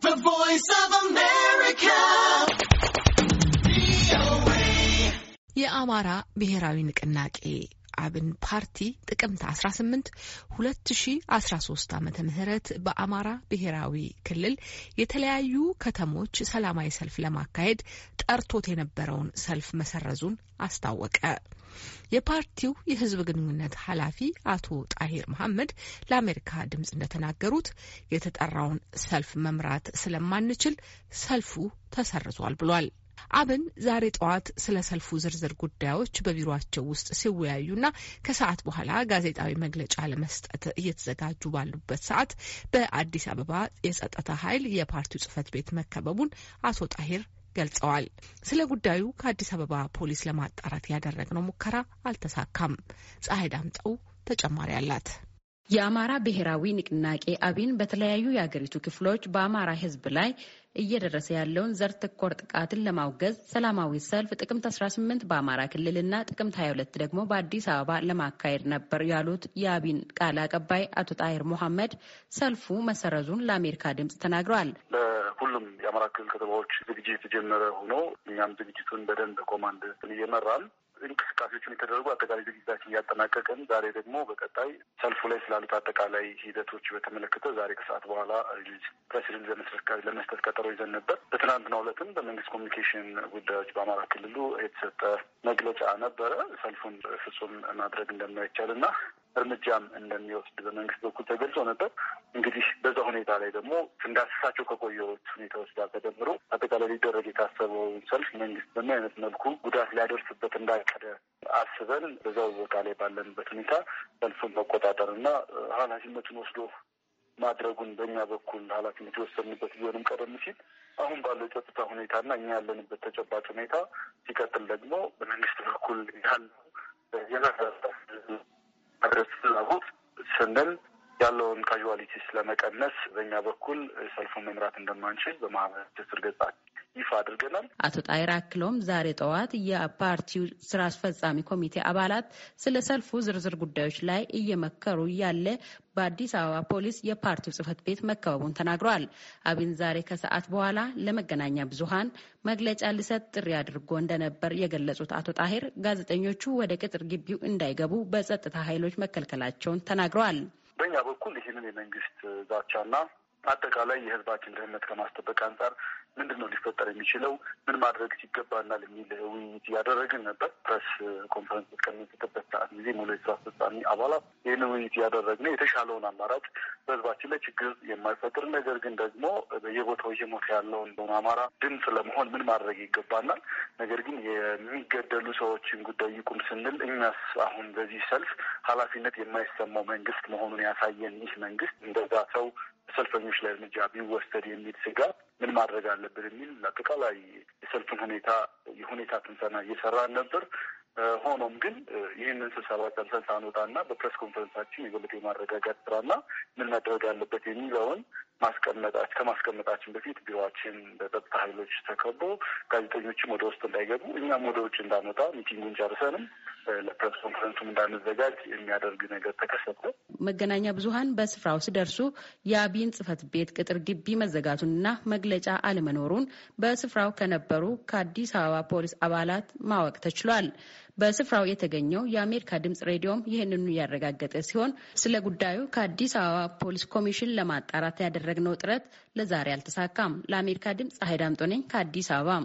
The Voice of America. የአማራ ብሔራዊ ንቅናቄ አብን ፓርቲ ጥቅምት 18 2013 ዓ ም በአማራ ብሔራዊ ክልል የተለያዩ ከተሞች ሰላማዊ ሰልፍ ለማካሄድ ጠርቶት የነበረውን ሰልፍ መሰረዙን አስታወቀ። የፓርቲው የህዝብ ግንኙነት ኃላፊ አቶ ጣሂር መሐመድ ለአሜሪካ ድምጽ እንደተናገሩት የተጠራውን ሰልፍ መምራት ስለማንችል ሰልፉ ተሰርዟል ብሏል። አብን ዛሬ ጠዋት ስለ ሰልፉ ዝርዝር ጉዳዮች በቢሮቸው ውስጥ ሲወያዩና ከሰዓት በኋላ ጋዜጣዊ መግለጫ ለመስጠት እየተዘጋጁ ባሉበት ሰዓት በአዲስ አበባ የጸጥታ ኃይል የፓርቲው ጽህፈት ቤት መከበቡን አቶ ጣሂር ገልጸዋል። ስለ ጉዳዩ ከአዲስ አበባ ፖሊስ ለማጣራት ያደረግነው ሙከራ አልተሳካም። ፀሐይ ዳምጠው ተጨማሪ አላት። የአማራ ብሔራዊ ንቅናቄ አብን በተለያዩ የአገሪቱ ክፍሎች በአማራ ሕዝብ ላይ እየደረሰ ያለውን ዘር ተኮር ጥቃትን ለማውገዝ ሰላማዊ ሰልፍ ጥቅምት 18 በአማራ ክልልና ጥቅምት 22 ደግሞ በአዲስ አበባ ለማካሄድ ነበር ያሉት የአብን ቃል አቀባይ አቶ ጣሂር ሞሐመድ ሰልፉ መሰረዙን ለአሜሪካ ድምፅ ተናግረዋል። በሁሉም የአማራ ክልል ከተማዎች ዝግጅት የተጀመረ ሆኖ እኛም ዝግጅቱን በደንብ ኮማንድ እየመራል እንቅስቃሴዎችን የተደረጉ አጠቃላይ ዝግጅታችን እያጠናቀቅን ዛሬ ደግሞ በቀጣይ ሰልፉ ላይ ስላሉት አጠቃላይ ሂደቶች በተመለከተ ዛሬ ከሰዓት በኋላ ፕሬሲደንት ለመስጠት ቀጠሮ ይዘን ነበር። በትናንትናው ዕለትም በመንግስት ኮሚኒኬሽን ጉዳዮች በአማራ ክልሉ የተሰጠ መግለጫ ነበረ። ሰልፉን ፍጹም ማድረግ እንደማይቻል እና እርምጃም እንደሚወስድ በመንግስት በኩል ተገልጾ ነበር። እንግዲህ በዛ ሁኔታ ላይ ደግሞ እንዳስሳቸው ከቆየሁት ሁኔታዎች ጋር ተደምሮ አጠቃላይ ሊደረግ የታሰበው ሰልፍ መንግስት በምን አይነት መልኩ ጉዳት ሊያደርስበት እንዳቀደ አስበን በዛው ቦታ ላይ ባለንበት ሁኔታ ሰልፉን መቆጣጠር እና ኃላፊነቱን ወስዶ ማድረጉን በእኛ በኩል ኃላፊነት የወሰንበት ቢሆንም ቀደም ሲል አሁን ባለው የጸጥታ ሁኔታና እኛ ያለንበት ተጨባጭ ሁኔታ ሲቀጥል ደግሞ በመንግስት በኩል ያለው ማድረስ ፍላጎት ስንል ያለውን ካዥዋሊቲስ ለመቀነስ በእኛ በኩል ሰልፉን መምራት እንደማንችል በማህበረ ትስስር ገጻችን ይፋ አድርገናል። አቶ ጣይር አክለውም ዛሬ ጠዋት የፓርቲው ስራ አስፈጻሚ ኮሚቴ አባላት ስለ ሰልፉ ዝርዝር ጉዳዮች ላይ እየመከሩ ያለ በአዲስ አበባ ፖሊስ የፓርቲው ጽህፈት ቤት መከበቡን ተናግረዋል። አብን ዛሬ ከሰዓት በኋላ ለመገናኛ ብዙሃን መግለጫ ሊሰጥ ጥሪ አድርጎ እንደነበር የገለጹት አቶ ጣሂር ጋዜጠኞቹ ወደ ቅጥር ግቢው እንዳይገቡ በጸጥታ ኃይሎች መከልከላቸውን ተናግረዋል። በእኛ በኩል ይህንን የመንግስት ዛቻና በአጠቃላይ የህዝባችን ደህንነት ከማስጠበቅ አንጻር ምንድን ነው ሊፈጠር የሚችለው ምን ማድረግ ይገባናል የሚል ውይይት እያደረግን ነበር። ፕሬስ ኮንፈረንስ እስከምንሰጥበት ሰዓት ጊዜ ሙሉ የስራ አስፈጻሚ አባላት ይህን ውይይት እያደረግን የተሻለውን አማራጭ በህዝባችን ላይ ችግር የማይፈጥር ነገር ግን ደግሞ በየቦታው እየሞተ ያለውን አማራ ድምፅ ለመሆን ምን ማድረግ ይገባናል፣ ነገር ግን የሚገደሉ ሰዎችን ጉዳይ ይቁም ስንል እኛስ አሁን በዚህ ሰልፍ ኃላፊነት የማይሰማው መንግስት መሆኑን ያሳየን ይህ መንግስት እንደዛ ሰው ሰልፈኞች ላይ እርምጃ ቢወሰድ የሚል ስጋት ምን ማድረግ አለብን የሚል አጠቃላይ የሰልፍን ሁኔታ የሁኔታ ትንተና እየሰራን ነበር። ሆኖም ግን ይህንን ስብሰባ ጨርሰን ሳንወጣና በፕሬስ ኮንፈረንሳችን የበለጠ የማረጋጋት ስራና ምን መደረግ አለበት የሚለውን ማስቀመጣች ከማስቀመጣችን በፊት ቢሮችን በጸጥታ ኃይሎች ተከቦ ጋዜጠኞችም ወደ ውስጥ እንዳይገቡ እኛም ወደ ውጭ እንዳንወጣ ሚቲንጉን ጨርሰንም ለፕሬስ ኮንፈረንሱም እንዳንዘጋጅ የሚያደርግ ነገር ተከሰተ። መገናኛ ብዙኃን በስፍራው ሲደርሱ የአቢን ጽህፈት ቤት ቅጥር ግቢ መዘጋቱንና መግለጫ አለመኖሩን በስፍራው ከነበሩ ከአዲስ አበባ ፖሊስ አባላት ማወቅ ተችሏል። በስፍራው የተገኘው የአሜሪካ ድምጽ ሬዲዮም ይህንኑ ያረጋገጠ ሲሆን ስለ ጉዳዩ ከአዲስ አበባ ፖሊስ ኮሚሽን ለማጣራት ያደረግነው ጥረት ለዛሬ አልተሳካም። ለአሜሪካ ድምጽ ሀይድ ነኝ ከአዲስ አበባ